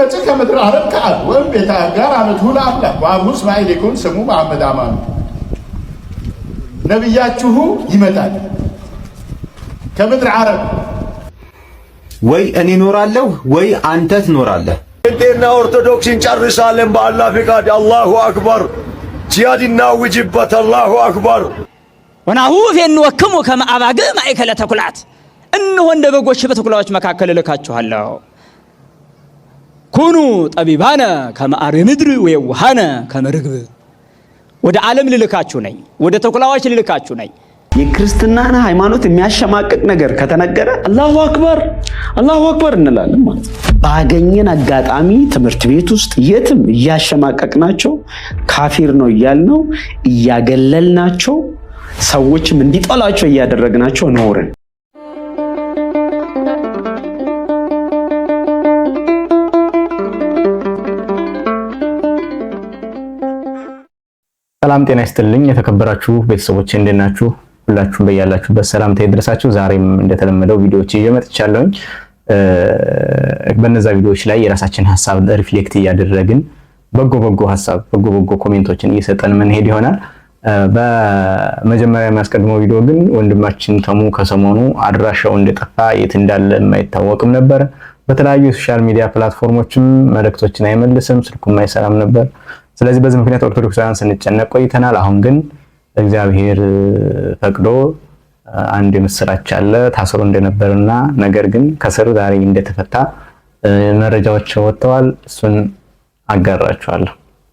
ወይመጽእ ከምድር ዓረብ ከአል ወይም ቤተ አጋር አመትሁ ለአምላክ ወአቡሁ እስማኤል ይኩን ስሙ መሐመድ አማኑ። ነቢያችሁ ይመጣል ከምድር አረብ ወይ እኔ እኖራለሁ ወይ አንተ ትኖራለህ። እንዴና ኦርቶዶክስን ጨርሳለን። በአላህ ፍቃድ አላሁ አክበር። ጂሃድ እናውጅበት። አላሁ አክበር። ወናሁፍ የንወክሙ ከመ አባግዕ ማእከለ ተኩላት። እንሆ እንደ በጎች በተኩላዎች መካከል እልካችኋለሁ። ኩኑ ጠቢባነ ከመአር ምድር ወየውሃነ ከመርግብ ወደ ዓለም ልልካችሁ ነኝ፣ ወደ ተኩላዎች ልልካችሁ ነኝ። የክርስትናን ሃይማኖት የሚያሸማቅቅ ነገር ከተነገረ አላሁ አክበር አላሁ አክበር እንላለን ማለት ነው። ባገኘን አጋጣሚ ትምህርት ቤት ውስጥ የትም እያሸማቀቅ ናቸው፣ ካፊር ነው እያል ነው እያገለል ናቸው፣ ሰዎችም እንዲጠላቸው እያደረግ ናቸው ኖርን። ሰላም ጤና ይስጥልኝ። የተከበራችሁ ቤተሰቦች እንደናችሁ ሁላችሁም በያላችሁበት ሰላምታ ይድረሳችሁ። ዛሬም እንደተለመደው ቪዲዮዎች ይዤ መጥቻለሁኝ። በነዛ ቪዲዮዎች ላይ የራሳችን ሀሳብ ሪፍሌክት እያደረግን በጎ በጎ ሀሳብ በጎ በጎ ኮሜንቶችን እየሰጠን መንሄድ ይሆናል። በመጀመሪያ የሚያስቀድመው ቪዲዮ ግን ወንድማችን ተሙ ከሰሞኑ አድራሻው እንደጠፋ የት እንዳለ የማይታወቅም ነበር። በተለያዩ የሶሻል ሚዲያ ፕላትፎርሞችም መልእክቶችን አይመልስም፣ ስልኩም አይሰራም ነበር። ስለዚህ በዚህ ምክንያት ኦርቶዶክሳውያን ስንጨነቅ ቆይተናል። አሁን ግን እግዚአብሔር ፈቅዶ አንድ የምስራች አለ። ታስሮ እንደነበርና ነገር ግን ከስር ዛሬ እንደተፈታ መረጃዎች ወጥተዋል። እሱን አጋራችኋለሁ።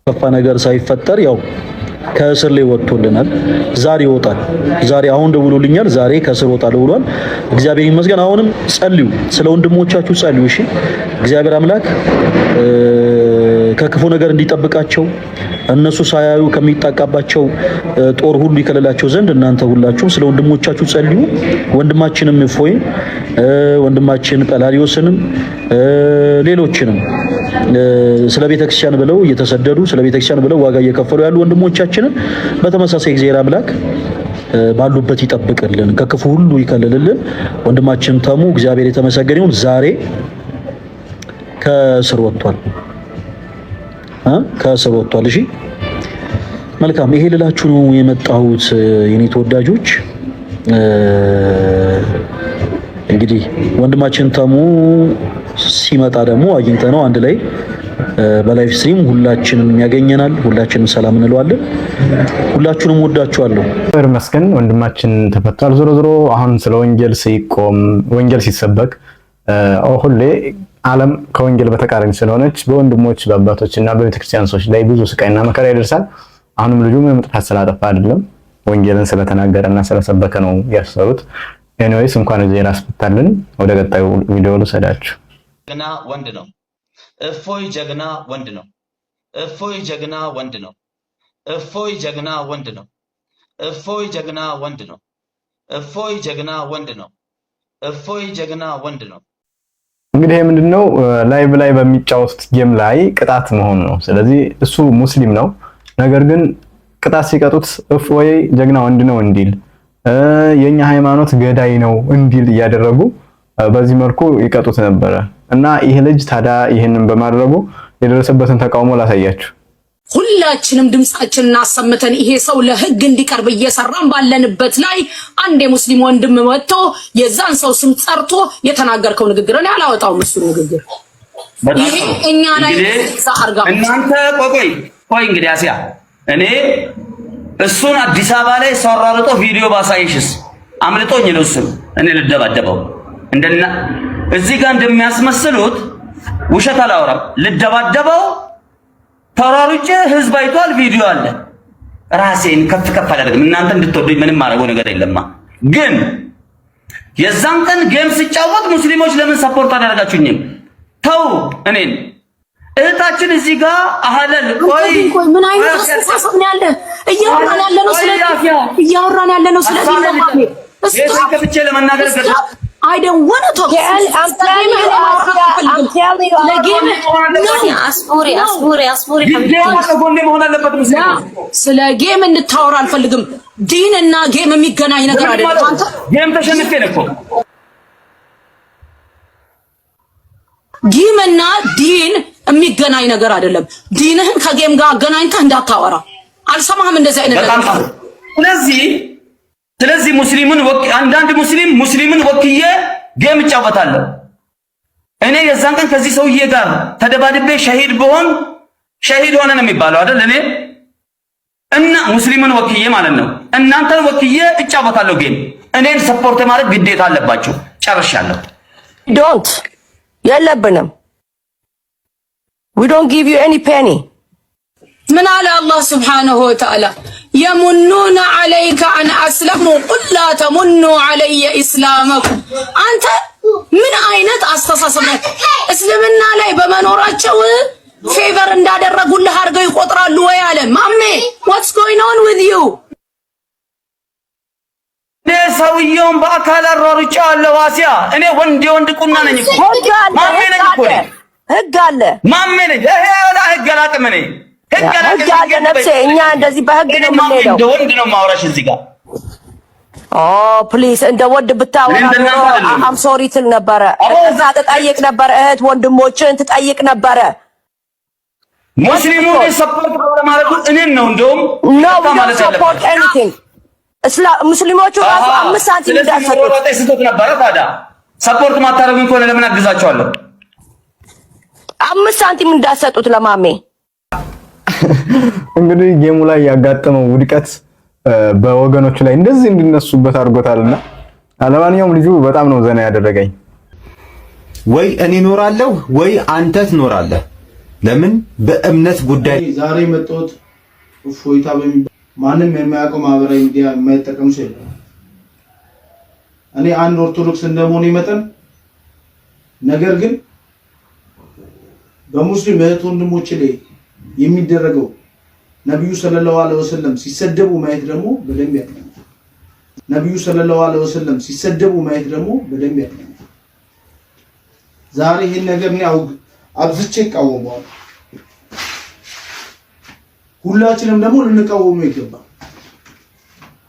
ከፋ ነገር ሳይፈጠር ያው ከእስር ላይ ወጥቶልናል። ዛሬ ይወጣል። ዛሬ አሁን ደውሎልኛል። ዛሬ ከእስር እወጣለሁ ብሏል። እግዚአብሔር ይመስገን። አሁንም ጸልዩ፣ ስለ ወንድሞቻችሁ ጸልዩ። እሺ፣ እግዚአብሔር አምላክ ከክፉ ነገር እንዲጠብቃቸው እነሱ ሳያዩ ከሚጣቃባቸው ጦር ሁሉ ይከለላቸው ዘንድ እናንተ ሁላችሁም ስለ ወንድሞቻችሁ ጸልዩ። ወንድማችንም እፎይን፣ ወንድማችን ቀላሪዮስንም፣ ሌሎችንም ስለ ቤተክርስቲያን ብለው እየተሰደዱ ስለ ቤተክርስቲያን ብለው ዋጋ እየከፈሉ ያሉ ወንድሞቻችንን በተመሳሳይ እግዚአብሔር አምላክ ባሉበት ይጠብቅልን፣ ከክፉ ሁሉ ይከልልልን። ወንድማችን ተሙ እግዚአብሔር የተመሰገነ ይሁን ዛሬ ከእስር ወጥቷል። ከስር ወጥቷል። እሺ መልካም። ይሄ ልላችሁ ነው የመጣሁት የኔ ተወዳጆች። እንግዲህ ወንድማችን ተሙ ሲመጣ ደግሞ አግኝተ ነው አንድ ላይ በላይቭ ስትሪም ሁላችንም ያገኘናል። ሁላችንም ሰላም እንለዋለን። ሁላችሁንም ወዳችኋለሁ። እግዚአብሔር ይመስገን ወንድማችን ተፈቷል። ዞሮ ዞሮ አሁን ስለ ወንጀል ሲቆም ወንጀል ሲሰበክ ሁሌ ዓለም ከወንጌል በተቃራኒ ስለሆነች በወንድሞች በአባቶችና በቤተክርስቲያን ሰዎች ላይ ብዙ ስቃይና መከራ ይደርሳል። አሁንም ልጁ ምንም ጥፋት ስላጠፋ አይደለም፣ ወንጌልን እና ስለሰበከ ነው ያሰሩት። ኤኒዌይስ እንኳን እዚህ ላስፈታልን። ወደ ቀጣዩ ቪዲዮ ልውሰዳችሁ። ጀግና ወንድ ነው። እፎይ ጀግና ወንድ ነው። እፎይ ጀግና ወንድ ነው። እፎይ ጀግና ወንድ ነው። እፎይ ጀግና ወንድ ነው። እፎይ ጀግና ወንድ ነው። እፎይ ጀግና ወንድ ነው። እንግዲህ ይሄ ምንድነው ላይቭ ላይ በሚጫወቱት ጌም ላይ ቅጣት መሆኑ ነው። ስለዚህ እሱ ሙስሊም ነው፣ ነገር ግን ቅጣት ሲቀጡት እፍ ወይ ጀግና ወንድ ነው እንዲል የኛ ሃይማኖት ገዳይ ነው እንዲል እያደረጉ በዚህ መልኩ ይቀጡት ነበረ እና ይሄ ልጅ ታዲያ ይህንን በማድረጉ የደረሰበትን ተቃውሞ ላሳያችሁ። ሁላችንም ድምፃችንን አሰምተን ይሄ ሰው ለህግ እንዲቀርብ እየሰራን ባለንበት ላይ አንድ የሙስሊም ወንድም መጥቶ የዛን ሰው ስም ጠርቶ የተናገርከው ንግግር እኔ አላወጣውም። እሱ ንግግር ይሄ እኛ ላይ አርጋ እናንተ ቆቆይ ቆይ እንግዲህ አሲያ እኔ እሱን አዲስ አበባ ላይ ሰራርጦ ቪዲዮ ባሳይሽስ አምልጦኝ ነው እሱን እኔ ልደባደበው እንደና እዚህ ጋር እንደሚያስመስሉት ውሸት አላወራም ልደባደበው ተሯሩጬ ህዝብ አይቷል፣ ቪዲዮ አለ። ራሴን ከፍ ከፍ አላደርግም። እናንተ እንድትወዱኝ ምንም አደረገው ነገር የለማ። ግን የዛን ቀን ጌም ሲጫወት ሙስሊሞች ለምን ሰፖርት አላደርጋችሁኝም? ተው እኔን እህታችን እዚህ ጋር አህለል ቆይ፣ ምን አይነት አስተሳሰብ ነው ያለ? እያወራን ያለ ነው ስለ እያወራን ያለ ነው ስለ I don't want to talk. Girl, I'm telling you, I'm telling you. ለጌም አስፖሪ አስፖሪ አስፖሪ ስለ ጌም እንታወራ አልፈልግም። ዲን እና ጌም የሚገናኝ ነገር አይደለም። አንተ ጌም ተሸንፌ ነበር። ጌም እና ዲን የሚገናኝ ነገር አይደለም። ዲንህን ከጌም ጋር አገናኝተህ እንዳታወራ አልሰማህም። እንደዚህ አይነት ነገር ስለዚህ ስለዚህ ሙስሊምን አንዳንድ ሙስሊም ሙስሊምን ወክዬ ጌም እጫወታለሁ። እኔ የዛን ቀን ከዚህ ሰውዬ ጋር ተደባድቤ ሸሂድ ብሆን ሸሂድ ሆነ ነው የሚባለው አይደል? እኔ እና ሙስሊምን ወክዬ ማለት ነው እናንተን ወክዬ እጫወታለሁ ጌም። እኔን ሰፖርት ማድረግ ግዴታ አለባችሁ። ጨርሻለሁ። ዶንት የለብንም። ዊ ዶንት ጊቭ ዩ ኤኒ ፔኒ ምን አለ አላህ ሱብሓነሁ ወተዓላ የሙኑና አለይከ አን አስለሙ ቁላ ተሙኑ አለየ ኢስላመኩም። አንተ ምን አይነት አስተሳሰብ እስልምና ላይ በመኖራቸው ፌቨር እንዳደረጉልህ አድርገው ይቆጥራሉ ወይ አለ ማሜ። ዋትስ ጎይንግ ኦን ዊዝ ዩ ሰውየውን በአካል አሯሩጫ አለ ዋሲያ እኔ ወንድ የወንድ ቁና ነኝ። ማሜ ነኝ እኮ ህግ አለ ማሜ ነኝ። ይሄ ህግ አላቅም እኔ ህግ አለ ነፍሴ። እኛ እንደዚህ በህግ ነው የምንሄደው። እንደ ወንድ ነው የማወራሽ እዚህ ጋር ኦ እንደ ወንድ ብታወራ አም ሶሪ ትል ነበረ። እዛ ትጠይቅ ነበረ፣ እህት ወንድሞችን ትጠይቅ ነበረ። ሙስሊሙ ሰፖርት ባለማድረጉ እኔን ነው እንደውም ሙስሊሞቹ ራሱ አምስት ሳንቲም እንዳሰጡት ነበረ። ታዲያ ሰፖርት ከሆነ ለምን አግዛቸዋለሁ? አምስት ሳንቲም እንዳሰጡት ለማሜ እንግዲህ ጌሙ ላይ ያጋጠመው ውድቀት በወገኖች ላይ እንደዚህ እንዲነሱበት አድርጎታልና አለማንኛውም ልጁ በጣም ነው ዘና ያደረገኝ። ወይ እኔ እኖራለሁ ወይ አንተ ትኖራለህ። ለምን በእምነት ጉዳይ ዛሬ መጥቶት እፎይታ በሚባል ማንም የሚያውቀው ማህበራዊ ሚዲያ የማይጠቀም ሰው የለም። እኔ አንድ ኦርቶዶክስ እንደመሆኔ መጠን ነገር ግን በሙስሊም እህት ወንድሞች ላይ የሚደረገው ነቢዩ ሰለላሁ ዐለይሂ ወሰለም ሲሰደቡ ማየት ደግሞ በደንብ ያቀኛል። ነቢዩ ሰለላሁ ዐለይሂ ወሰለም ሲሰደቡ ማየት ደግሞ በደንብ ያቀኛል። ዛሬ ይህን ነገር እኔ አብዝቼ እቃወመዋለሁ። ሁላችንም ደግሞ ልንቃወሙ ይገባል።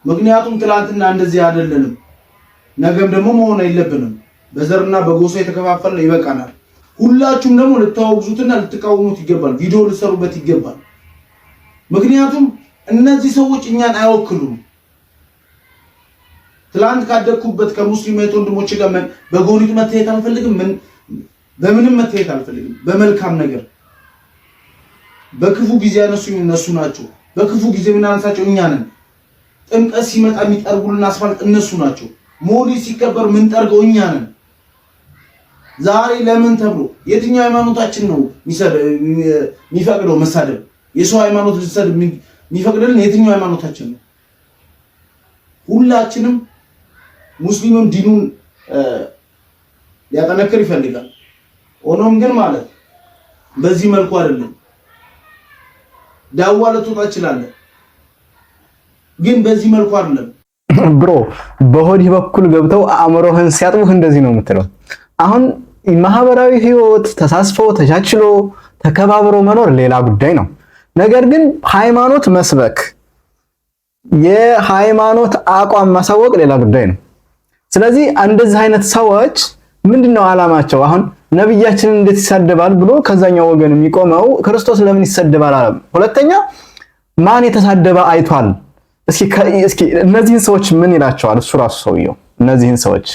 ምክንያቱም ትላንትና እንደዚህ አይደለንም፣ ነገም ደግሞ መሆን የለብንም። በዘርና በጎሳ የተከፋፈልን ይበቃናል። ሁላችሁም ደግሞ ልታወግዙትና ልትቃወሙት ይገባል። ቪዲዮ ልሰሩበት ይገባል። ምክንያቱም እነዚህ ሰዎች እኛን አይወክሉም። ትላንት ካደግኩበት ከሙስሊም እህት ወንድሞች ጋር በጎኒት መታየት አልፈልግም። ምን በምንም መታየት አልፈልግም። በመልካም ነገር በክፉ ጊዜ ያነሱኝ እነሱ ናቸው። በክፉ ጊዜ የምናነሳቸው እኛ ነን። ጥምቀት ሲመጣ የሚጠርጉልን አስፋልት እነሱ ናቸው። ሞሊ ሲከበር ምን እኛ ነን። ዛሬ ለምን ተብሎ የትኛው ሃይማኖታችን ነው የሚፈቅደው መሳደብ? የሰው ሃይማኖት ልሰድ የሚፈቅድልን የትኛው ሃይማኖታችን ነው? ሁላችንም ሙስሊምም ዲኑን ሊያጠነክር ይፈልጋል። ሆኖም ግን ማለት በዚህ መልኩ አይደለም። ዳዋ ልትወጣ ትችላለህ፣ ግን በዚህ መልኩ አይደለም። ብሮ በሆዲህ በኩል ገብተው አእምሮህን ሲያጥቡህ እንደዚህ ነው የምትለው አሁን ማህበራዊ ህይወት ተሳስፎ ተቻችሎ ተከባብሮ መኖር ሌላ ጉዳይ ነው። ነገር ግን ሃይማኖት መስበክ፣ የሃይማኖት አቋም ማሳወቅ ሌላ ጉዳይ ነው። ስለዚህ እንደዚህ አይነት ሰዎች ምንድነው አላማቸው? አሁን ነብያችንን እንዴት ይሳደባል ብሎ ከዛኛው ወገን የሚቆመው ክርስቶስ ለምን ይሰደባል አለ። ሁለተኛ ማን የተሳደበ አይቷል? እስኪ እነዚህን ሰዎች ምን ይላቸዋል? እሱ ራሱ ሰውየው እነዚህን ሰዎች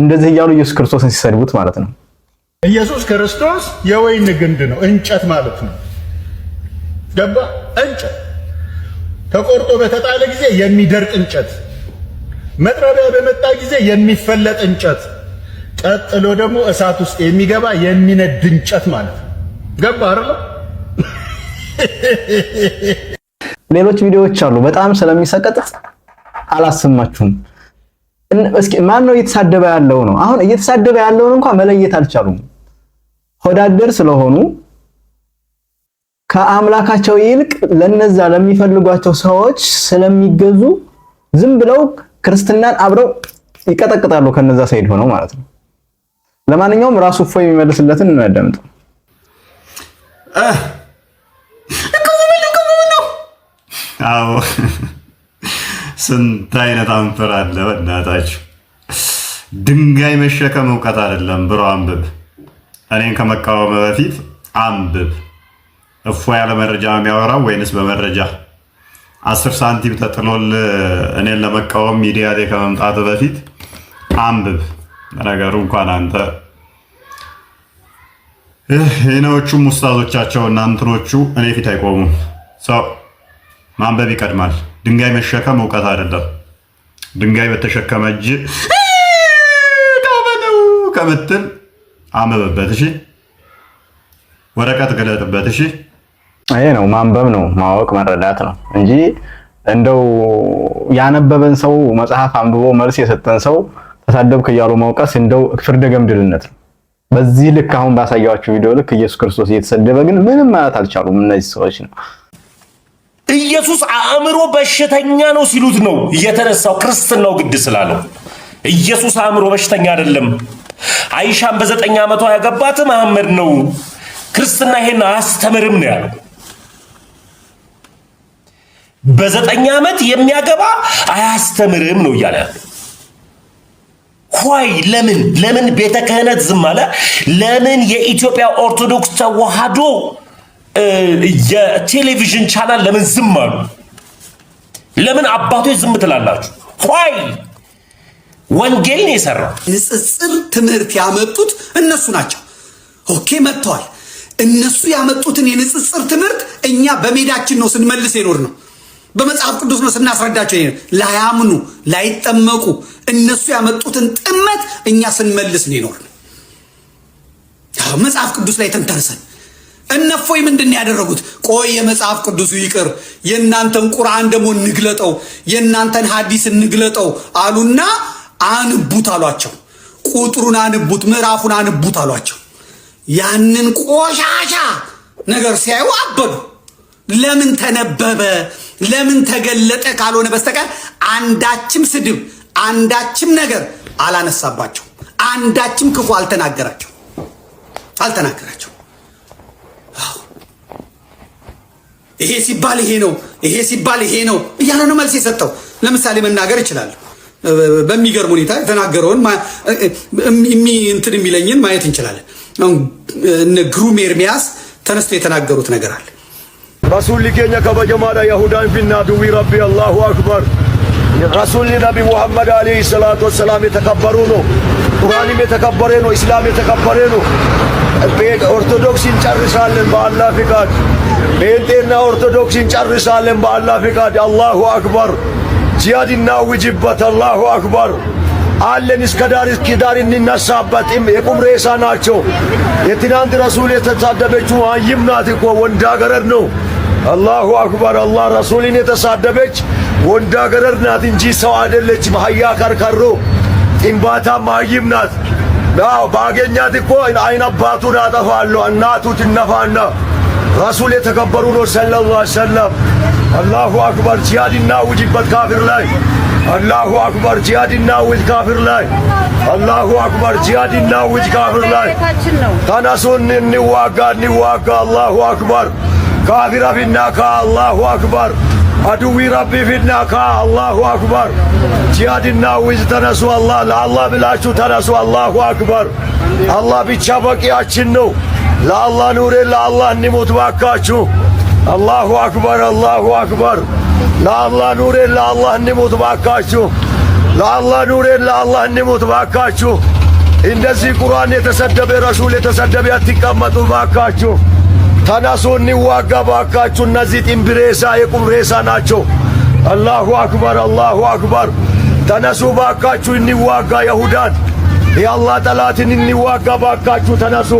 እንደዚህ እያሉ ኢየሱስ ክርስቶስን ሲሰድቡት ማለት ነው። ኢየሱስ ክርስቶስ የወይን ግንድ ነው፣ እንጨት ማለት ነው። ገባ? እንጨት ተቆርጦ በተጣለ ጊዜ የሚደርቅ እንጨት፣ መጥረቢያ በመጣ ጊዜ የሚፈለጥ እንጨት፣ ቀጥሎ ደግሞ እሳት ውስጥ የሚገባ የሚነድ እንጨት ማለት ነው። ገባ አይደል? ሌሎች ቪዲዮዎች አሉ፣ በጣም ስለሚሰቀጥ አላሰማችሁም። ማን ነው እየተሳደበ ያለው ነው? አሁን እየተሳደበ ያለውን እንኳን መለየት አልቻሉም። ሆዳደር ስለሆኑ ከአምላካቸው ይልቅ ለነዛ ለሚፈልጓቸው ሰዎች ስለሚገዙ ዝም ብለው ክርስትናን አብረው ይቀጠቅጣሉ ከነዛ ሳይድ ሆነው ማለት ነው። ለማንኛውም ራሱ እፎ የሚመልስለትን እናዳምጥ። አዎ ስንት አይነት አንፈር አለ። በእናታችሁ ድንጋይ መሸከም እውቀት አይደለም ብሎ አንብብ። እኔን ከመቃወም በፊት አንብብ። እፎ ያለ መረጃ የሚያወራው ወይንስ በመረጃ አስር ሳንቲም ተጥሎል? እኔን ለመቃወም ሚዲያ ላይ ከመምጣት በፊት አንብብ። ነገሩ እንኳን አንተ የነዎቹም ውስታዞቻቸው እናንትኖቹ እኔ ፊት አይቆሙም። ሰው ማንበብ ይቀድማል። ድንጋይ መሸከም እውቀት አይደለም። ድንጋይ በተሸከመ እጅ ከምትል አመበበት። እሺ፣ ወረቀት ገለጥበት። እሺ፣ ይሄ ነው ማንበብ ነው ማወቅ መረዳት ነው እንጂ እንደው ያነበበን ሰው መጽሐፍ አንብቦ መልስ የሰጠን ሰው ተሳደብክ እያሉ መውቀስ እንደው ፍርደ ገምድልነት ነው። በዚህ ልክ አሁን ባሳያችሁ ቪዲዮ ልክ ኢየሱስ ክርስቶስ እየተሰደበ ግን ምንም ማለት አልቻሉም እነዚህ ሰዎች ነው። ኢየሱስ አእምሮ በሽተኛ ነው ሲሉት ነው የተነሳው። ክርስትናው ግድ ስላለው ኢየሱስ አእምሮ በሽተኛ አይደለም። አይሻን በዘጠኝ ዓመቷ ያገባት መሐመድ ነው። ክርስትና ይሄን አያስተምርም ነው ያለው። በዘጠኝ ዓመት የሚያገባ አያስተምርም ነው እያለ ኳይ ለምን ለምን ቤተ ክህነት ዝም አለ? ለምን የኢትዮጵያ ኦርቶዶክስ ተዋህዶ የቴሌቪዥን ቻናል ለምን ዝም አሉ? ለምን አባቶች ዝም ትላላችሁ? ይ ወንጌል ነው የሰራው። ንጽጽር ትምህርት ያመጡት እነሱ ናቸው። ኦኬ መጥተዋል። እነሱ ያመጡትን የንጽጽር ትምህርት እኛ በሜዳችን ነው ስንመልስ የኖር ነው በመጽሐፍ ቅዱስ ነው ስናስረዳቸው ላያምኑ ላይጠመቁ እነሱ ያመጡትን ጥመት እኛ ስንመልስ ነው የኖር ነው መጽሐፍ ቅዱስ ላይ ተንተርሰን እነፎይ ምንድን ያደረጉት? ቆይ የመጽሐፍ ቅዱሱ ይቅር፣ የእናንተን ቁርአን ደግሞ እንግለጠው፣ የእናንተን ሀዲስ እንግለጠው አሉና አንቡት አሏቸው። ቁጥሩን አንቡት፣ ምዕራፉን አንቡት አሏቸው። ያንን ቆሻሻ ነገር ሲያዩ አበዱ። ለምን ተነበበ? ለምን ተገለጠ? ካልሆነ በስተቀር አንዳችም ስድብ፣ አንዳችም ነገር አላነሳባቸው። አንዳችም ክፉ አልተናገራቸው አልተናገራቸው ይሄ ሲባል ይሄ ነው፣ ይሄ ሲባል ይሄ ነው እያለ ነው መልስ የሰጠው። ለምሳሌ መናገር ይችላል። በሚገርም ሁኔታ የተናገረውን እንትን የሚለኝን ማየት እንችላለን። ግሩም ኤርሚያስ ተነስቶ የተናገሩት ነገር አለ። ረሱል ሊገኛ ከበጀማዳ የሁዳን ፊና ድዊ ረቢ አላሁ አክበር ረሱል ነቢ ሙሐመድ አለይሂ ሰላቱ ወሰላም የተከበሩ ነው። ቁርአንም የተከበረ ነው። ኢስላም የተከበረ ነው። ኦርቶዶክስ እንጨርሳለን በአላህ ፍቃድ። ጴንጤና ኦርቶዶክስ እንጨርሳለን በአላህ ፍቃድ። አላሁ አክበር። ጂሃድ እናውጅበት። አላሁ አክበር አለን እስከ ዳር እስኪ ዳር እንነሳበት። የቁም ሬሳ ናቸው። የትናንት ረሱል የተሳደበችው አይም ናት እኮ ገረድ ነው። አላሁ አክበር። አላህ ረሱልን የተሳደበች ገረድ ናት እንጂ ሰው አይደለች። ሀያ ከርከሮ ጥንባታ ማይም ናት። ናው ባገኛት እኮ አይን አባቱን አጠፋለሁ፣ እናቱ ትነፋና ረሱል የተከበሩ ነው ሰለላሁ ሰለም። አላሁ አክበር ጂሃድ እናውጅበት ካፊር ላይ አላሁ አክበር ጂሃድ እናውጅ ካፊር ላይ አላሁ አክበር ጂሃድ እናውጅ ካፊር ላይ ተነሱን እንዋጋ እንዋጋ። አላሁ አክበር ካፊር አብና ከአላሁ አክበር አድዊ ረቢ ፊናካ አላሁ አክበር። ጂሃድና ዊዝ ተነሱ፣ አላ ለአላህ ብላችሁ ተነሱ። አላሁ አክበር። አላህ ብቻ በቂያችን ነው። ለአላህ ኑሬ፣ ለአላህ እንሞት ባካችሁ። አላሁ አክበር፣ አላሁ አክበር። ለአላህ ኑሬ፣ ለአላህ እንሞት ባካችሁ። ለአላህ ኑሬ፣ ለአላህ እንሞት ባካችሁ። እንደዚህ ቁርአን የተሰደበ ረሱል የተሰደበ አትቀመጡ ባካችሁ። ተነሱ እንዋጋ ባካችሁ። እነዚህ ጢምብሬሳ የቁም ሬሳ ናቸው። አላሁ አክበር፣ አላሁ አክበር። ተነሱ ባካችሁ እንዋጋ ይሁዳን፣ የአላህ ጠላትን እንዋጋ ባካችሁ ተነሱ።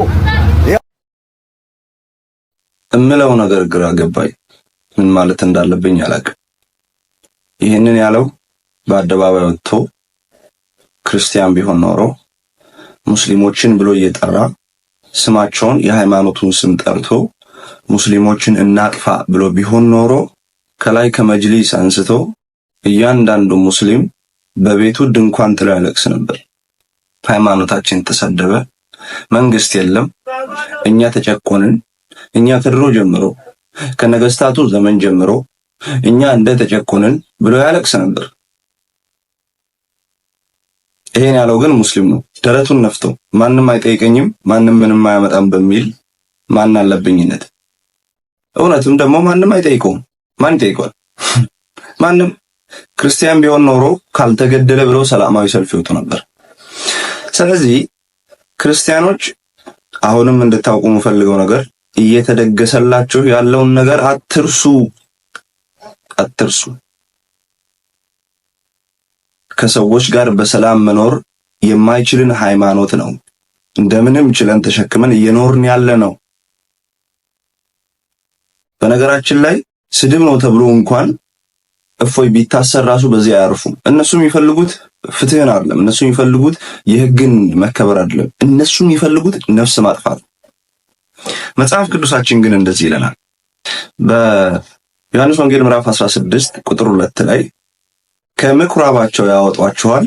እምለው ነገር ግራ ገባኝ። ምን ማለት እንዳለብኝ አላቅም። ይህንን ያለው በአደባባይ ወጥቶ ክርስቲያን ቢሆን ኖሮ ሙስሊሞችን ብሎ እየጠራ ስማቸውን የሃይማኖቱን ስም ጠርቶ ሙስሊሞችን እናጥፋ ብሎ ቢሆን ኖሮ ከላይ ከመጅሊስ አንስቶ እያንዳንዱ ሙስሊም በቤቱ ድንኳን ጥሎ ያለቅስ ነበር። ሃይማኖታችን ተሰደበ፣ መንግስት የለም፣ እኛ ተጨቆንን። እኛ ከድሮ ጀምሮ ከነገስታቱ ዘመን ጀምሮ እኛ እንደ ተጨቆንን ብሎ ያለቅስ ነበር። ይሄን ያለው ግን ሙስሊም ነው። ደረቱን ነፍቶ ማንም አይጠይቀኝም፣ ማንም ምንም አያመጣም በሚል ማን አለብኝነት። እውነትም ደግሞ ማንም አይጠይቀውም። ማን ይጠይቀዋል? ማንም ክርስቲያን ቢሆን ኖሮ ካልተገደለ ብለው ሰላማዊ ሰልፍ ይወጡ ነበር። ስለዚህ ክርስቲያኖች አሁንም እንድታውቁ የምፈልገው ነገር እየተደገሰላችሁ ያለውን ነገር አትርሱ፣ አትርሱ። ከሰዎች ጋር በሰላም መኖር የማይችልን ሃይማኖት ነው። እንደምንም ችለን ተሸክመን እየኖርን ያለ ነው። በነገራችን ላይ ስድብ ነው ተብሎ እንኳን እፎይ ቢታሰር ራሱ በዚህ አያርፉም። እነሱ የሚፈልጉት ፍትህን አይደለም። እነሱ የሚፈልጉት የህግን መከበር አይደለም። እነሱ የሚፈልጉት ነፍስ ማጥፋት። መጽሐፍ ቅዱሳችን ግን እንደዚህ ይለናል። በዮሐንስ ወንጌል ምዕራፍ 16 ቁጥር ሁለት ላይ ከምኩራባቸው ያወጧቸዋል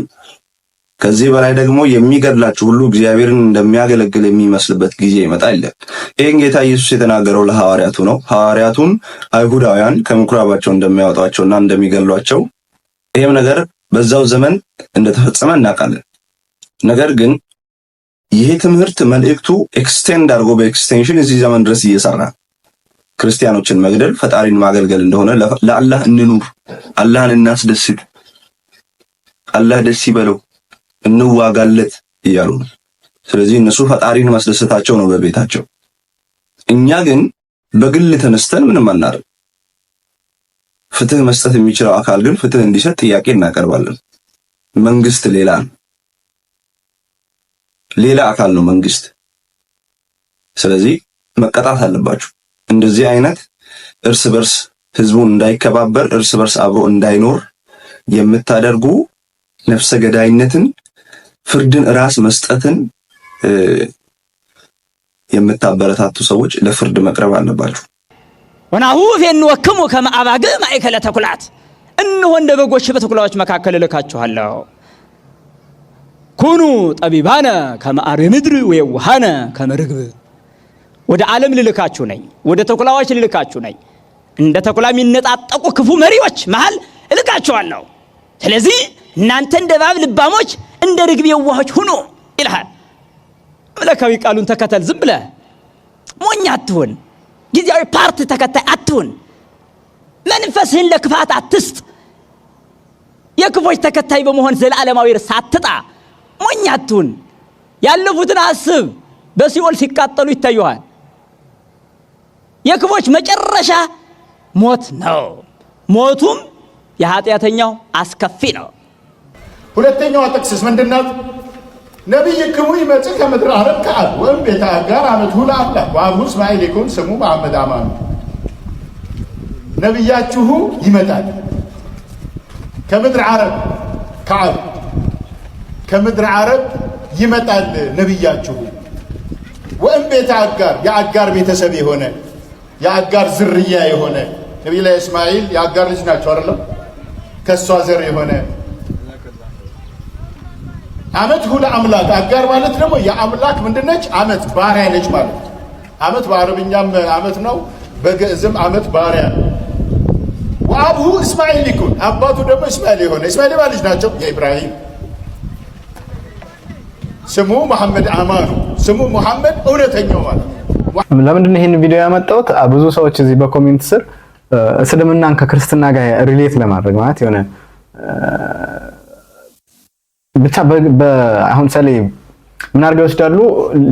ከዚህ በላይ ደግሞ የሚገድላችሁ ሁሉ እግዚአብሔርን እንደሚያገለግል የሚመስልበት ጊዜ ይመጣል ይላል። ይህን ጌታ ኢየሱስ የተናገረው ለሐዋርያቱ ነው። ሐዋርያቱን አይሁዳውያን ከምኩራባቸው እንደሚያወጧቸውና እንደሚገድሏቸው ይህም ነገር በዛው ዘመን እንደተፈጸመ እናውቃለን። ነገር ግን ይሄ ትምህርት መልእክቱ ኤክስቴንድ አድርጎ በኤክስቴንሽን እዚህ ዘመን ድረስ እየሰራ ክርስቲያኖችን መግደል ፈጣሪን ማገልገል እንደሆነ ለአላህ እንኑር፣ አላህን እናስደስት፣ አላህ ደስ ይበለው እንዋጋለት እያሉ ነው። ስለዚህ እነሱ ፈጣሪን ማስደሰታቸው ነው በቤታቸው። እኛ ግን በግል ተነስተን ምንም አናደርግ። ፍትህ መስጠት የሚችለው አካል ግን ፍትህ እንዲሰጥ ጥያቄ እናቀርባለን። መንግስት ሌላ ነው፣ ሌላ አካል ነው መንግስት። ስለዚህ መቀጣት አለባችሁ። እንደዚህ አይነት እርስ በርስ ህዝቡን እንዳይከባበር እርስ በርስ አብሮ እንዳይኖር የምታደርጉ ነፍሰ ገዳይነትን ፍርድን ራስ መስጠትን የምታበረታቱ ሰዎች ለፍርድ መቅረብ አለባችሁ። ወናሁፍ የንወክሙ ከማአባግ ማእከለ ተኩላት እንሆ እንደ በጎች በተኩላዎች መካከል እልካችኋለሁ። ኩኑ ጠቢባነ ከመአር ምድር ወየውሃነ ከመርግብ ወደ ዓለም ልልካችሁ ነኝ፣ ወደ ተኩላዎች ልልካችሁ ነኝ። እንደ ተኩላ የሚነጣጠቁ ክፉ መሪዎች መሃል እልካችኋለሁ። ስለዚህ እናንተ እንደ እባብ ልባሞች እንደ ርግብ የዋሆች ሁኑ ይልሃል። አምላካዊ ቃሉን ተከተል። ዝም ብለ ሞኝ አትሁን። ጊዜያዊ ፓርቲ ተከታይ አትሁን። መንፈስህን ለክፋት አትስጥ። የክፎች ተከታይ በመሆን ዘላለማዊ ርስ አትጣ። ሞኝ አትሁን። ያለፉትን አስብ። በሲኦል ሲቃጠሉ ይታዩሃል። የክፎች መጨረሻ ሞት ነው። ሞቱም የኃጢአተኛው አስከፊ ነው። ሁለተኛዋ ጥቅስስ ምንድናት? ነቢይ ክሙ ይመጽእ ከምድረ አረብ ከአብ ወይም ቤተ አጋር አመት ሁላ አላ እስማኤል ይኩን ስሙ መሐመድ አማኑ። ነቢያችሁ ይመጣል ከምድረ አረብ ከአብ ከምድረ አረብ ይመጣል ነቢያችሁ ወይም ቤተ አጋር የአጋር ቤተሰብ የሆነ የአጋር ዝርያ የሆነ ነቢይ ላይ እስማኤል የአጋር ልጅ ናቸው አይደለም ከእሷ ዘር የሆነ አመት ሁለ አምላክ አጋር ማለት ደግሞ የአምላክ ምንድነች? አመት ባሪያ ነች ማለት ነው። አመት በአረብኛም አመት ነው፣ በግዕዝም አመት ባሪያ ነው። ወአብሁ እስማኤል ይኩን አባቱ ደግሞ እስማኤል የሆነ እስማኤል ልጅ ናቸው የኢብራሂም ስሙ መሐመድ አማኑ ስሙ መሐመድ እውነተኛው ማለት ነው። ለምንድን ይህን ቪዲዮ ያመጣሁት ብዙ ሰዎች እዚህ በኮሜንት ስር እስልምናን ከክርስትና ጋር ሪሌት ለማድረግ ማለት የሆነ ብቻ አሁን ሰሌ ምን አድርገው ይወስዳሉ?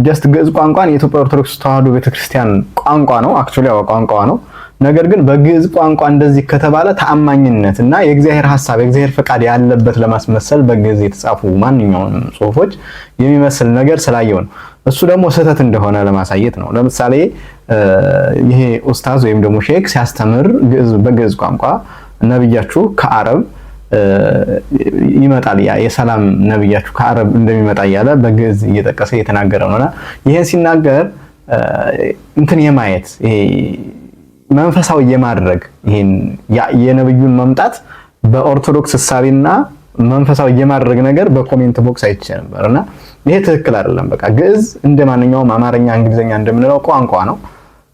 ጀስት ግዕዝ ቋንቋን የኢትዮጵያ ኦርቶዶክስ ተዋህዶ ቤተክርስቲያን ቋንቋ ነው፣ አክቹዋሊ ቋንቋ ነው። ነገር ግን በግዕዝ ቋንቋ እንደዚህ ከተባለ ተአማኝነት እና የእግዚአብሔር ሐሳብ የእግዚአብሔር ፈቃድ ያለበት ለማስመሰል በግዕዝ የተጻፉ ማንኛውንም ጽሁፎች የሚመስል ነገር ስላየው ነው። እሱ ደግሞ ስህተት እንደሆነ ለማሳየት ነው። ለምሳሌ ይሄ ኡስታዝ ወይም ደግሞ ሼክ ሲያስተምር በግዕዝ ቋንቋ ነብያችሁ ከአረብ ይመጣል የሰላም ነብያችሁ ከአረብ እንደሚመጣ እያለ በግዕዝ እየጠቀሰ እየተናገረ ነውና ይህን ሲናገር እንትን የማየት ይሄ መንፈሳዊ የማድረግ ይሄን የነብዩን መምጣት በኦርቶዶክስ እሳቤና መንፈሳዊ የማድረግ ነገር በኮሜንት ቦክስ አይቼ ነበር እና ይሄ ትክክል አይደለም። በቃ ግዕዝ እንደ ማንኛውም አማርኛ፣ እንግሊዝኛ እንደምንለው ቋንቋ ነው።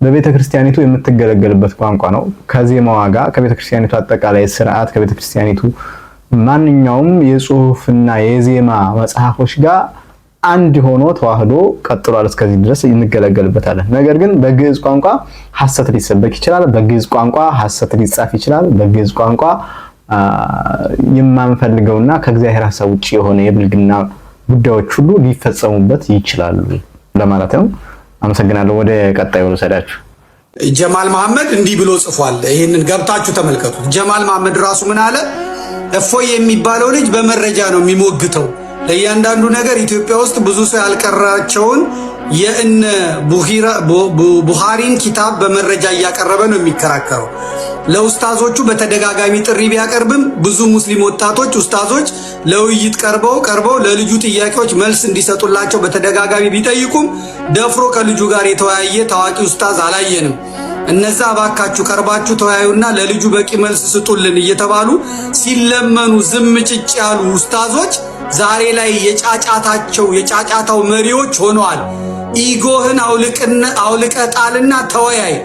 በቤተ ክርስቲያኒቱ የምትገለገልበት ቋንቋ ነው። ከዜማዋ ጋር ከቤተ ክርስቲያኒቱ አጠቃላይ ስርዓት ከቤተ ክርስቲያኒቱ ማንኛውም የጽሁፍና የዜማ መጽሐፎች ጋር አንድ ሆኖ ተዋህዶ ቀጥሏል። እስከዚህ ድረስ እንገለገልበታለን። ነገር ግን በግዕዝ ቋንቋ ሐሰት ሊሰበክ ይችላል። በግዕዝ ቋንቋ ሐሰት ሊጻፍ ይችላል። በግዕዝ ቋንቋ የማንፈልገውና ከእግዚአብሔር ሐሳብ ውጭ የሆነ የብልግና ጉዳዮች ሁሉ ሊፈጸሙበት ይችላሉ ለማለት ነው። አመሰግናለሁ። ወደ ቀጣዩ ልውሰዳችሁ። ጀማል መሐመድ እንዲህ ብሎ ጽፏል። ይህንን ገብታችሁ ተመልከቱት። ጀማል መሐመድ ራሱ ምን አለ? እፎይ የሚባለው ልጅ በመረጃ ነው የሚሞግተው ለእያንዳንዱ ነገር። ኢትዮጵያ ውስጥ ብዙ ሰው ያልቀራቸውን የእነ ቡኻሪን ኪታብ በመረጃ እያቀረበ ነው የሚከራከረው። ለኡስታዞቹ በተደጋጋሚ ጥሪ ቢያቀርብም ብዙ ሙስሊም ወጣቶች ኡስታዞች ለውይይት ቀርበው ቀርበው ለልጁ ጥያቄዎች መልስ እንዲሰጡላቸው በተደጋጋሚ ቢጠይቁም ደፍሮ ከልጁ ጋር የተወያየ ታዋቂ ኡስታዝ አላየንም። እነዛ እባካችሁ ቀርባችሁ ተወያዩና ለልጁ በቂ መልስ ስጡልን እየተባሉ ሲለመኑ ዝም ጭጭ ያሉ ኡስታዞች ዛሬ ላይ የጫጫታቸው የጫጫታው መሪዎች ሆነዋል። ኢጎህን አውልቀ ጣልና ተወያይ።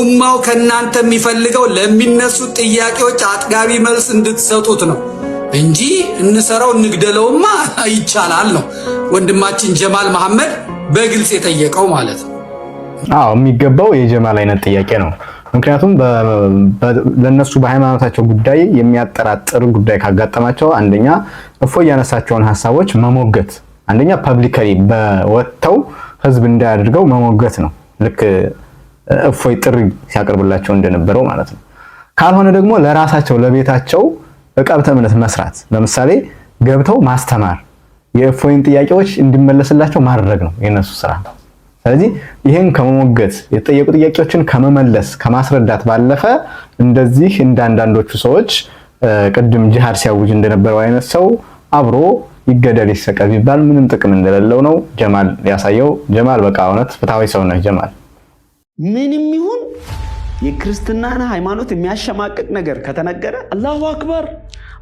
ኡማው ከእናንተ የሚፈልገው ለሚነሱት ጥያቄዎች አጥጋቢ መልስ እንድትሰጡት ነው። እንጂ እንሰራው እንግደለውማ ይቻላል ነው ወንድማችን ጀማል መሐመድ በግልጽ የጠየቀው ማለት ነው። አዎ የሚገባው የጀማል አይነት ጥያቄ ነው። ምክንያቱም ለነሱ በሃይማኖታቸው ጉዳይ የሚያጠራጥር ጉዳይ ካጋጠማቸው አንደኛ እፎ ያነሳቸውን ሀሳቦች መሞገት አንደኛ ፐብሊካሊ በወጥተው ህዝብ እንዳያደርገው መሞገት ነው። ልክ እፎይ ጥሪ ሲያቀርብላቸው እንደነበረው ማለት ነው። ካልሆነ ደግሞ ለራሳቸው ለቤታቸው ዕቃብተ እምነት መስራት፣ ለምሳሌ ገብተው ማስተማር፣ የእፎይን ጥያቄዎች እንዲመለስላቸው ማድረግ ነው የነሱ ስራ። ስለዚህ ይህን ከመሞገት የተጠየቁ ጥያቄዎችን ከመመለስ ከማስረዳት ባለፈ እንደዚህ እንደ አንዳንዶቹ ሰዎች ቅድም ጅሃድ ሲያውጅ እንደነበረው አይነት ሰው አብሮ ይገደል ይሰቀል ቢባል ምንም ጥቅም እንደሌለው ነው ጀማል ያሳየው። ጀማል በቃ እውነት ፍትሐዊ ሰው ነህ ጀማል ምንም ይሁን የክርስትናን ሃይማኖት የሚያሸማቅቅ ነገር ከተነገረ አላሁ አክበር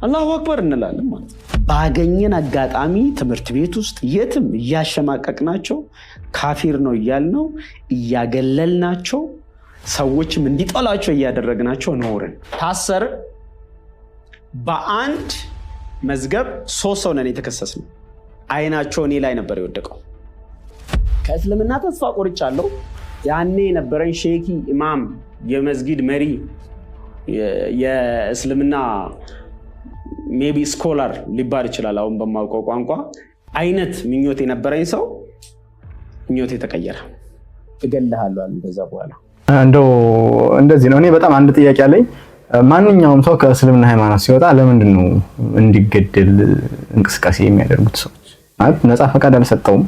አላሁ አክበር እንላለን ማለት ባገኘን አጋጣሚ ትምህርት ቤት ውስጥ የትም እያሸማቀቅ ናቸው ካፊር ነው እያልነው ናቸው ሰዎችም እንዲጠላቸው እያደረግናቸው ኖርን። ታሰር በአንድ መዝገብ ሶስት ሰው ነን ነው አይናቸው እኔ ላይ ነበር የወደቀው። ከእስልምና ተስፋ አለው ያኔ የነበረን ሼኪ ኢማም፣ የመዝጊድ መሪ፣ የእስልምና ሜቢ ስኮላር ሊባል ይችላል አሁን በማውቀው ቋንቋ አይነት ምኞት የነበረኝ ሰው ምኞት ተቀየረ። እገልሃለሁ እንደዛ በኋላ እንደው እንደዚህ ነው። እኔ በጣም አንድ ጥያቄ አለኝ። ማንኛውም ሰው ከእስልምና ሃይማኖት ሲወጣ ለምንድን ነው እንዲገደል እንቅስቃሴ የሚያደርጉት ሰዎች? ማለት ነፃ ፈቃድ አልሰጠውም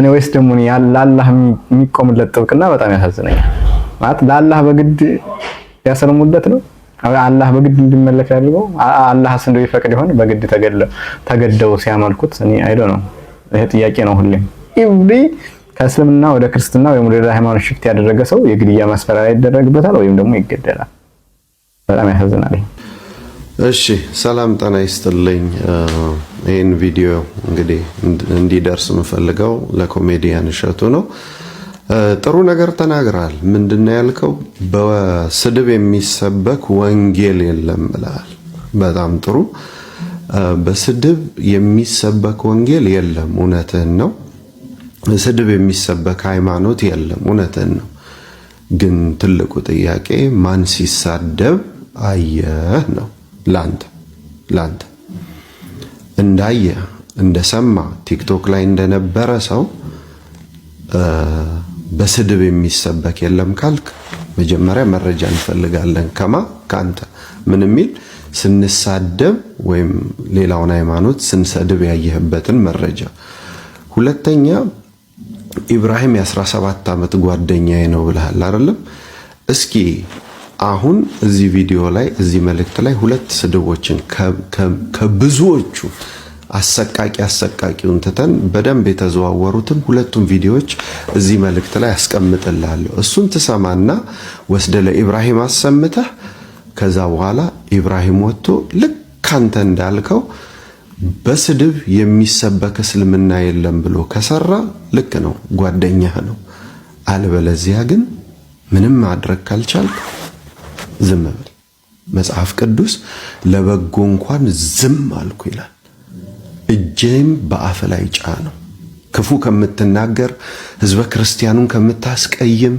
እኔ ወይስ ደግሞ ለአላህ የሚቆምለት ጥብቅና በጣም ያሳዝነኛል። ማለት ለአላህ በግድ ያሰልሙለት ነው። አላህ በግድ እንዲመለክ ያድርገው። አላህስ እንደው ይፈቅድ ይሆን በግድ ተገደው ሲያመልኩት? እኔ አይዶ ነው። ይሄ ጥያቄ ነው ሁሌም ኢብሪ ከእስልምና ወደ ክርስትና ወይም ወደ ሌላ ሃይማኖት ሽፍት ያደረገ ሰው የግድያ ማስፈራሪያ ይደረግበታል ወይም ደግሞ ይገደላል። በጣም ያሳዝናል። እሺ፣ ሰላም ጤና ይስጥልኝ። ይህን ቪዲዮ እንግዲህ እንዲደርስ የምፈልገው ለኮሜዲያን እሸቱ ነው። ጥሩ ነገር ተናግራል። ምንድን ያልከው? በስድብ የሚሰበክ ወንጌል የለም ብለሃል። በጣም ጥሩ። በስድብ የሚሰበክ ወንጌል የለም፣ እውነትህን ነው። ስድብ የሚሰበክ ሃይማኖት የለም፣ እውነትህን ነው። ግን ትልቁ ጥያቄ ማን ሲሳደብ አየህ ነው ላንተ ላንተ እንዳየ እንደሰማ ቲክቶክ ላይ እንደነበረ ሰው በስድብ የሚሰበክ የለም ካልክ መጀመሪያ መረጃ እንፈልጋለን። ከማ ከአንተ ምን የሚል ስንሳደብ ወይም ሌላውን ሃይማኖት ስንሰድብ ያየህበትን መረጃ። ሁለተኛ ኢብራሂም የ17 ዓመት ጓደኛዬ ነው ብለሃል አይደለም? እስኪ አሁን እዚህ ቪዲዮ ላይ እዚህ መልእክት ላይ ሁለት ስድቦችን ከብዙዎቹ አሰቃቂ አሰቃቂውን ትተን በደንብ የተዘዋወሩትን ሁለቱም ቪዲዮዎች እዚህ መልእክት ላይ አስቀምጥልሃለሁ። እሱን ትሰማና ወስደ ለኢብራሂም አሰምተህ ከዛ በኋላ ኢብራሂም ወጥቶ ልክ አንተ እንዳልከው በስድብ የሚሰበክ እስልምና የለም ብሎ ከሰራ ልክ ነው፣ ጓደኛህ ነው። አልበለዚያ ግን ምንም ማድረግ ካልቻልክ ዝም ብል መጽሐፍ ቅዱስ ለበጎ እንኳን ዝም አልኩ ይላል። እጄም በአፍ ላይ ጫ ነው። ክፉ ከምትናገር፣ ህዝበ ክርስቲያኑን ከምታስቀይም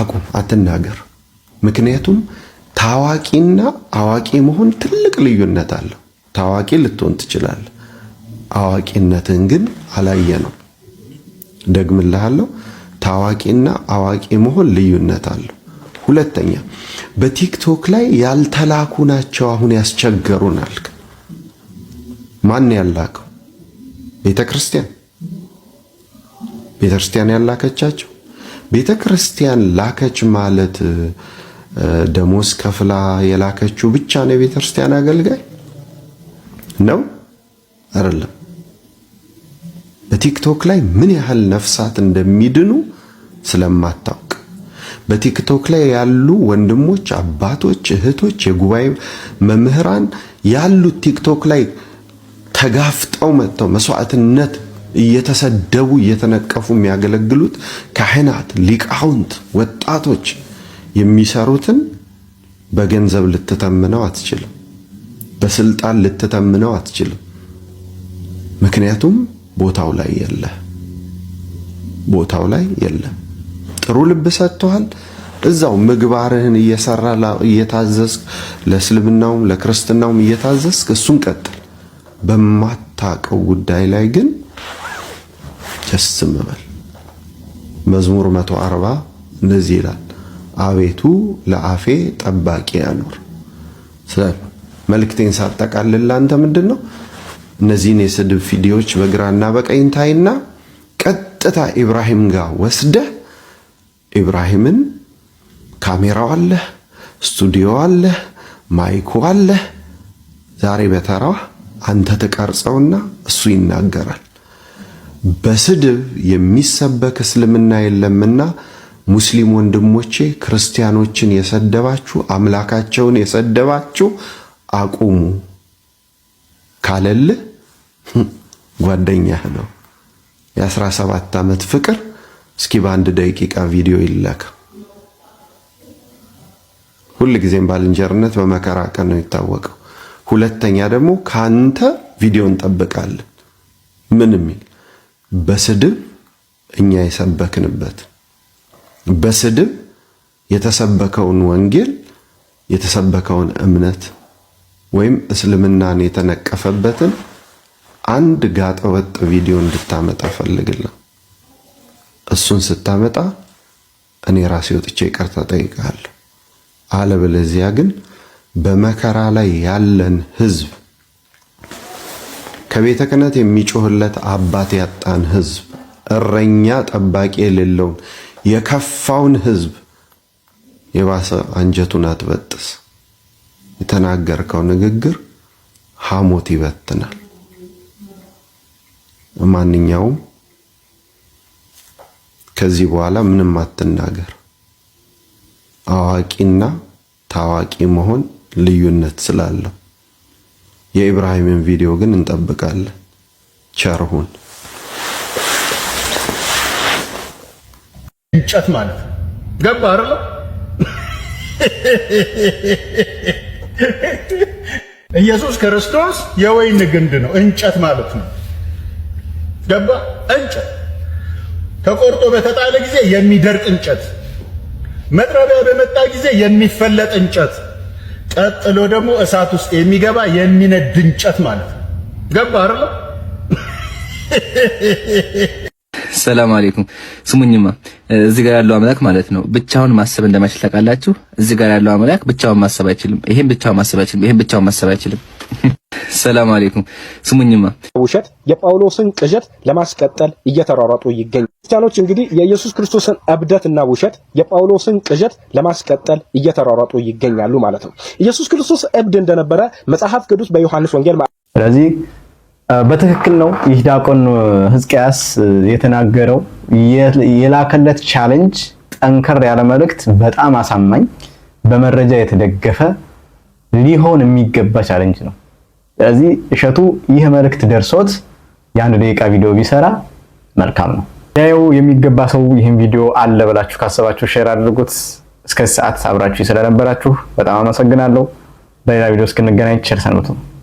አቁም፣ አትናገር። ምክንያቱም ታዋቂና አዋቂ መሆን ትልቅ ልዩነት አለው። ታዋቂ ልትሆን ትችላለህ። አዋቂነትን ግን አላየ ነው። ደግምልሃለሁ። ታዋቂና አዋቂ መሆን ልዩነት አለው። ሁለተኛ በቲክቶክ ላይ ያልተላኩ ናቸው አሁን ያስቸገሩን አልክ። ማን ያላከው? ቤተ ክርስቲያን። ቤተ ክርስቲያን ያላከቻቸው። ቤተ ክርስቲያን ላከች ማለት ደሞዝ ከፍላ የላከችው ብቻ ነው የቤተ ክርስቲያን አገልጋይ ነው አይደለም። በቲክቶክ ላይ ምን ያህል ነፍሳት እንደሚድኑ ስለማታው በቲክቶክ ላይ ያሉ ወንድሞች፣ አባቶች፣ እህቶች፣ የጉባኤ መምህራን ያሉት ቲክቶክ ላይ ተጋፍጠው መጥተው መስዋዕትነት እየተሰደቡ እየተነቀፉ የሚያገለግሉት ካህናት፣ ሊቃውንት፣ ወጣቶች የሚሰሩትን በገንዘብ ልትተምነው አትችልም። በስልጣን ልትተምነው አትችልም። ምክንያቱም ቦታው ላይ የለ ቦታው ላይ የለ ጥሩ ልብ ሰጥቷል። እዛው ምግባርህን እየሰራ እየታዘዝክ ለእስልምናውም ለክርስትናውም እየታዘዝክ እሱን ቀጥል። በማታቀው ጉዳይ ላይ ግን ቸስ ምበል። መዝሙር 140 እንደዚህ ይላል፣ አቤቱ ለአፌ ጠባቂ አኑር። ስለዚህ መልእክቴን ሳጠቃልል አንተ ምንድን ነው እነዚህን የስድብ ቪዲዮዎች በግራና በቀኝ ታይና ቀጥታ ኢብራሂም ጋር ወስደህ ኢብራሂምን ካሜራው አለህ፣ ስቱዲዮ አለህ፣ ማይኩ አለህ። ዛሬ በተራ አንተ ተቀርጸውና እሱ ይናገራል። በስድብ የሚሰበክ እስልምና የለምና ሙስሊም ወንድሞቼ ክርስቲያኖችን የሰደባችሁ አምላካቸውን የሰደባችሁ አቁሙ። ካለልህ ጓደኛህ ነው። የ17 ዓመት ፍቅር እስኪ በአንድ ደቂቃ ቪዲዮ ይላክ። ሁል ጊዜም ባልንጀርነት በመከራ ቀን ነው የሚታወቀው። ሁለተኛ ደግሞ ካንተ ቪዲዮ እንጠብቃለን። ምን የሚል በስድብ እኛ የሰበክንበት በስድብ የተሰበከውን ወንጌል የተሰበከውን እምነት ወይም እስልምናን የተነቀፈበትን አንድ ጋጠወጥ ቪዲዮ እንድታመጣ ፈልግልን። እሱን ስታመጣ እኔ ራሴ ወጥቼ ይቅርታ ጠይቃለሁ። አለበለዚያ ግን በመከራ ላይ ያለን ህዝብ ከቤተ ክህነት የሚጮህለት አባት ያጣን ህዝብ እረኛ ጠባቂ የሌለውን የከፋውን ህዝብ የባሰ አንጀቱን አትበጥስ። የተናገርከው ንግግር ሐሞት ይበትናል። ማንኛውም ከዚህ በኋላ ምንም አትናገር። አዋቂና ታዋቂ መሆን ልዩነት ስላለው የኢብራሂምን ቪዲዮ ግን እንጠብቃለን። ቸርሁን እንጨት ማለት ገባ አይደል? ኢየሱስ ክርስቶስ የወይን ግንድ ነው፣ እንጨት ማለት ነው። ገባ እንጨት ተቆርጦ በተጣለ ጊዜ የሚደርቅ እንጨት፣ መጥረቢያ በመጣ ጊዜ የሚፈለጥ እንጨት፣ ቀጥሎ ደግሞ እሳት ውስጥ የሚገባ የሚነድ እንጨት ማለት ነው። ገባ አይደል? ሰላም አለይኩም። ስሙኝማ እዚህ ጋር ያለው አምላክ ማለት ነው ብቻውን ማሰብ እንደማይችል ታውቃላችሁ። እዚህ ጋር ያለው አምላክ ብቻውን ማሰብ አይችልም። ይሄን ብቻውን ማሰብ አይችልም። ይሄን ብቻውን ማሰብ አይችልም። ሰላም አለይኩም። ስሙኝማ ውሸት የጳውሎስን ቅዠት ለማስቀጠል እየተሯሯጡ ይገኛል። ክርስቲያኖች እንግዲህ የኢየሱስ ክርስቶስን እብደትና ውሸት የጳውሎስን ቅዠት ለማስቀጠል እየተሯሯጡ ይገኛሉ ማለት ነው። ኢየሱስ ክርስቶስ እብድ እንደነበረ መጽሐፍ ቅዱስ በዮሐንስ ወንጌል ስለዚህ በትክክል ነው። ይህ ዲያቆን የተናገረው የላከለት ቻሌንጅ ጠንከር ያለ መልእክት፣ በጣም አሳማኝ በመረጃ የተደገፈ ሊሆን የሚገባ ቻለንጅ ነው። ስለዚህ እሸቱ ይህ መልእክት ደርሶት የአንድ ደቂቃ ቪዲዮ ቢሰራ መልካም ነው። ያየው የሚገባ ሰው ይህን ቪዲዮ አለ ብላችሁ ካሰባችሁ ሼር አድርጉት። እስከዚህ ሰዓት አብራችሁ ስለነበራችሁ በጣም አመሰግናለሁ። በሌላ ቪዲዮ እስክንገናኝ ቸር ሰንብቱ።